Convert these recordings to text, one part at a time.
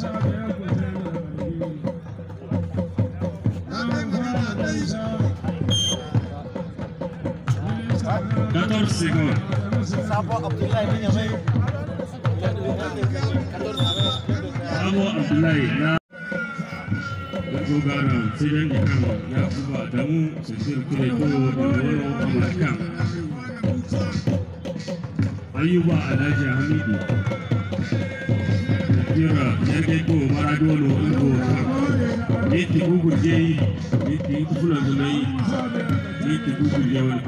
14 segundos. Sabo Abdullahi bin Yamai. Sabo Abdullahi na Yanzu gara ya kuba da mu su shir kure ko da Ayuba Alhaji Hamidu. jira jirgin ko maradona ido yiti gugurje yiti kusulan zunai yiti gugurje wani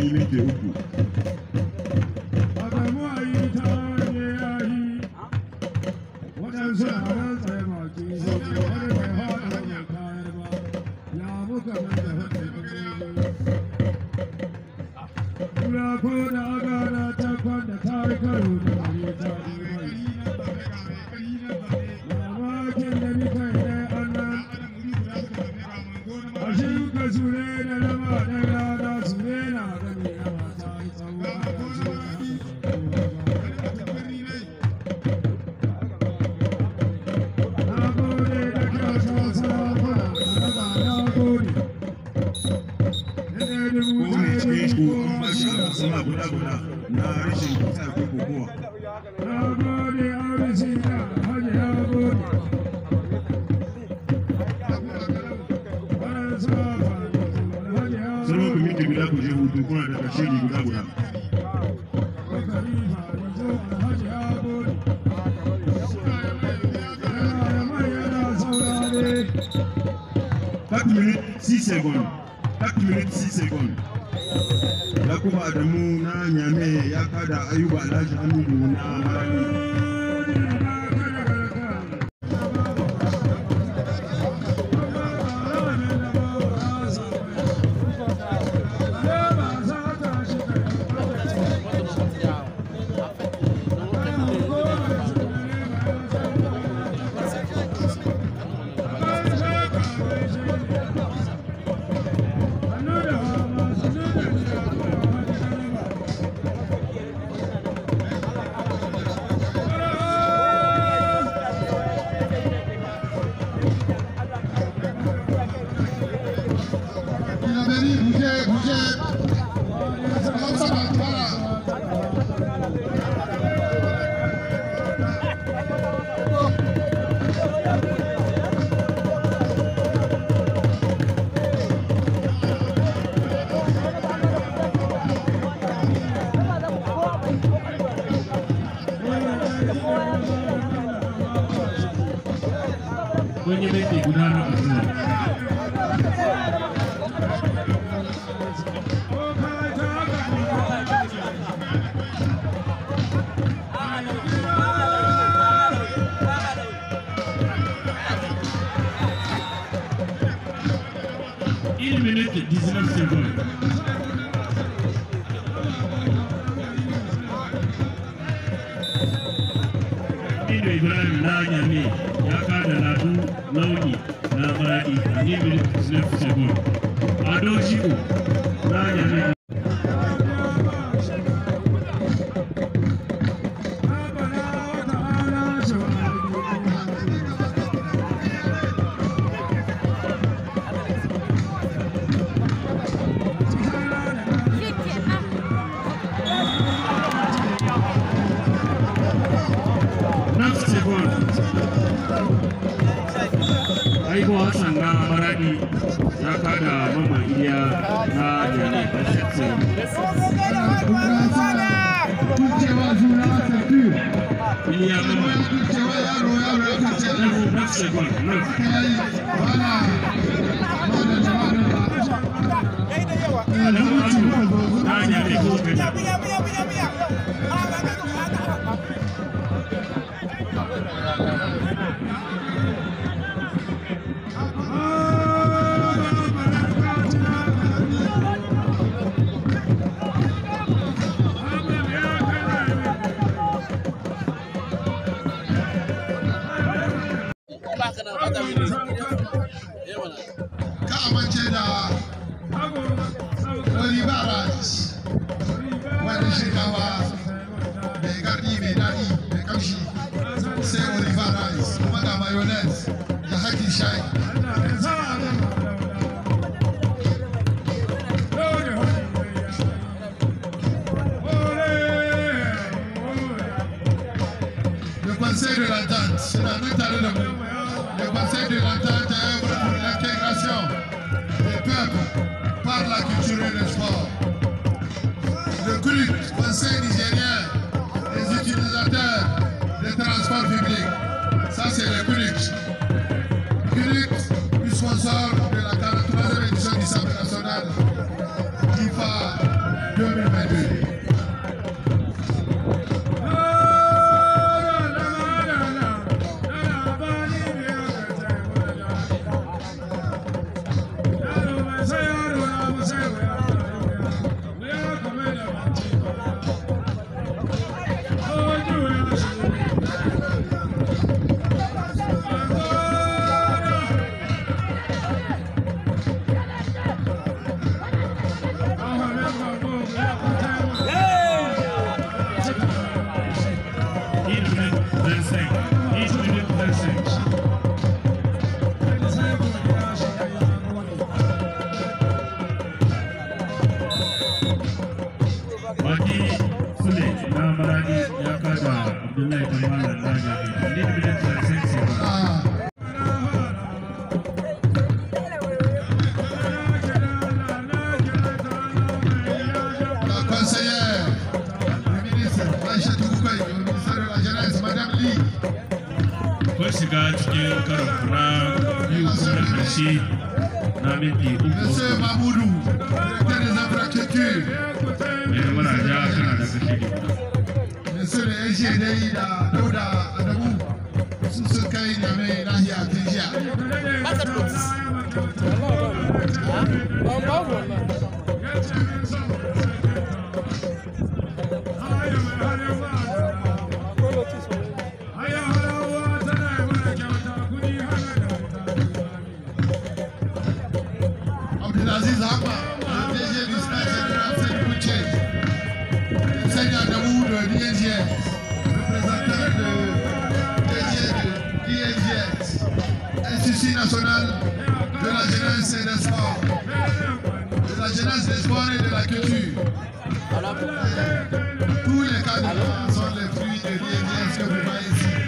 223 suna guda-guda na rashin kusa ko kokowa. ayuba alhaji hamidu na marami 1 minute 19 secondes. Ibrahim na Yami ya kada Ladu Launi na a 1 minute 19 seconds. Ado Shiko na Paul aikowa sanga maradi ya kada mama iya na jami fashatse Iliya mama Nan next second nan Nan mutu na jami ko kada shiga cikin karon na biyu na ƙarshe na minti uku Monsieur Mamoudou, directeur des infrastructures. Mai mana ja kana da kashe gida. Monsieur da yan shaidai da Dauda Adamu sun sun kai na mai lahiya tun jiya. Haka da le du de de national de la jeunesse et des sports, de la jeunesse des sports et de la culture. tous les candidats sont les fruits de l'INGS que vous voyez ici.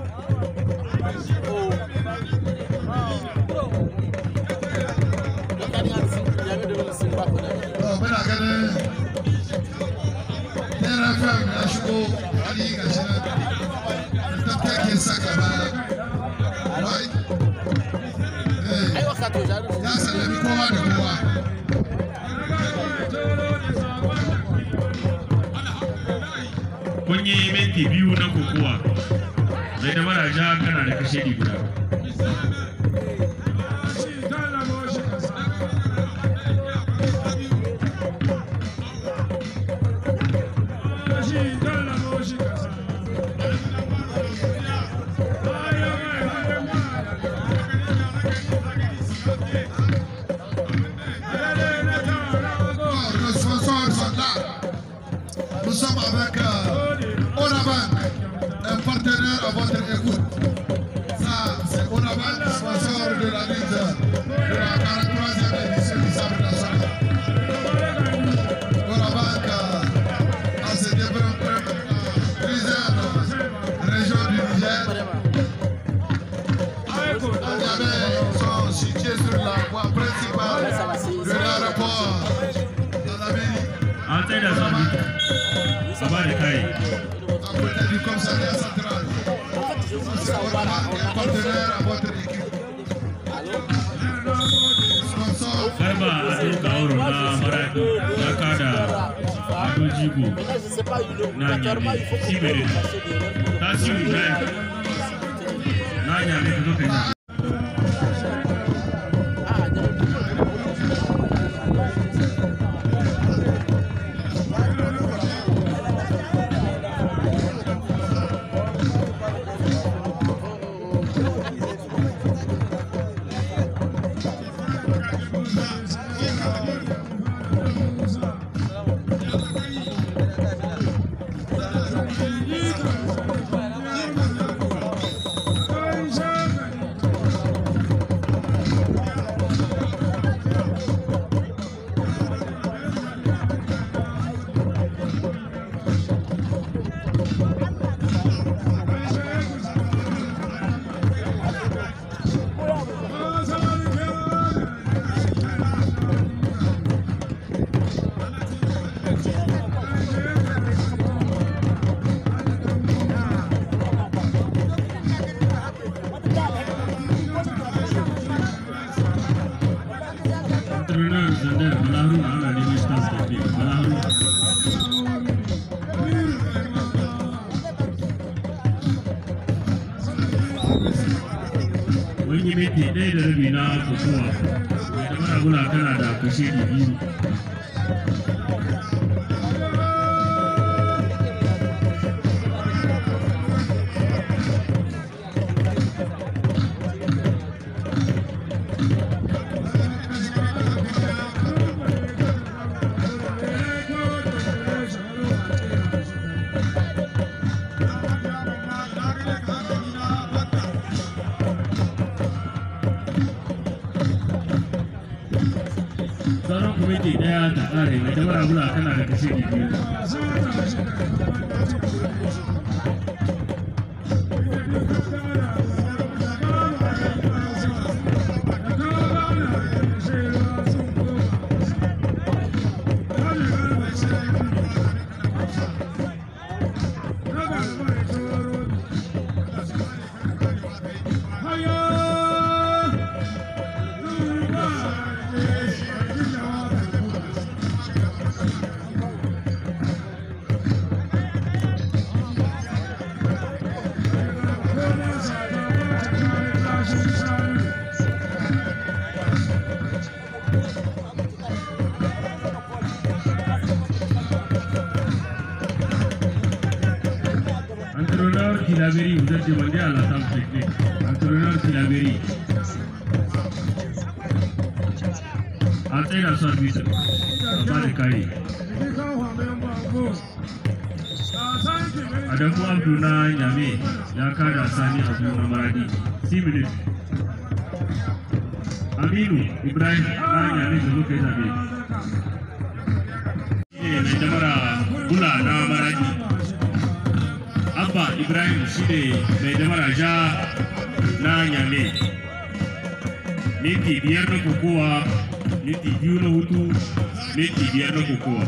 ya kowa da kowa kun yi minti biyu na kokowa zai da maraja kana da kashe guda arrière central. C'est partenaire à votre équipe. Nanya, da balaru a ana neman shi tasu tafiya balaru wani minti ɗaya da rabi na kokowa mai da maraguna tana da kushe biyu kashe daya ta kare mai tabara bula kana da kashe biyu Claverie, vous êtes demandé à la salle technique. Entraîneur A tsaye da su a bisa, a ba da A dafu Abdu na Yame ya kada Sani Abdu Aminu Ibrahim na da zo kai zabe. Mai damara Bula Maradi. abba ibrahim Shide mai mai damaraja na nyame miti biyar na kokowa miti biyu na hutu miti biyar na kokowa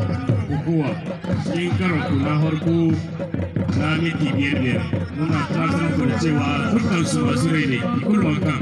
kowa sai karon ku na harko na miki biyar biyar muna tatar da cewa dukkan su masu rai ne ikulman kan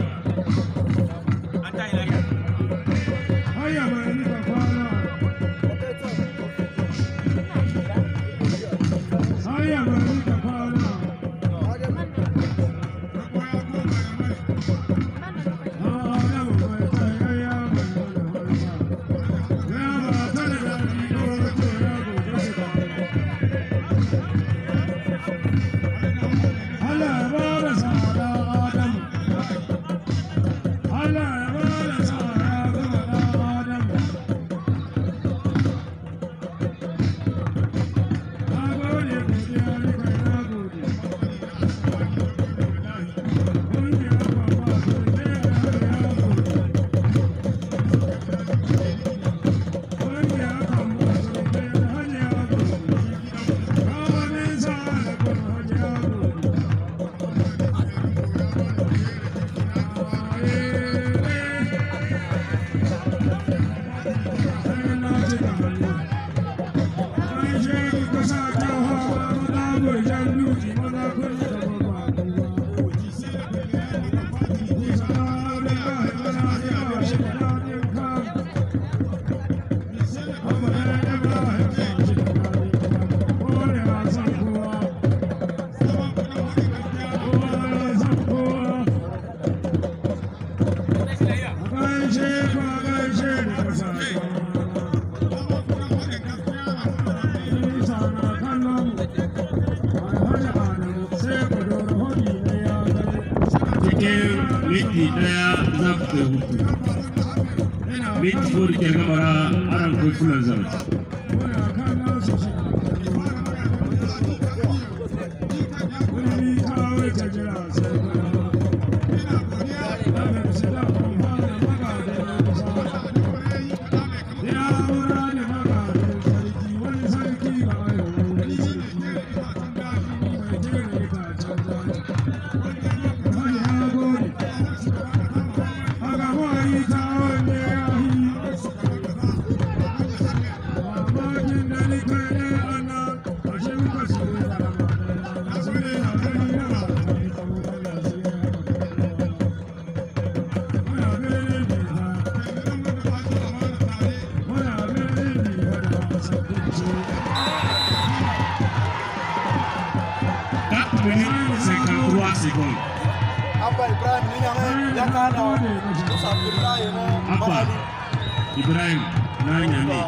cikin minti daya za ku kai hutu. Minti ko da ke gabara aran kotunan ibrahim na nyame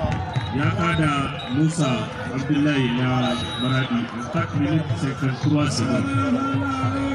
ya kada musa abdullahi na baradi a 4 minutes second seconds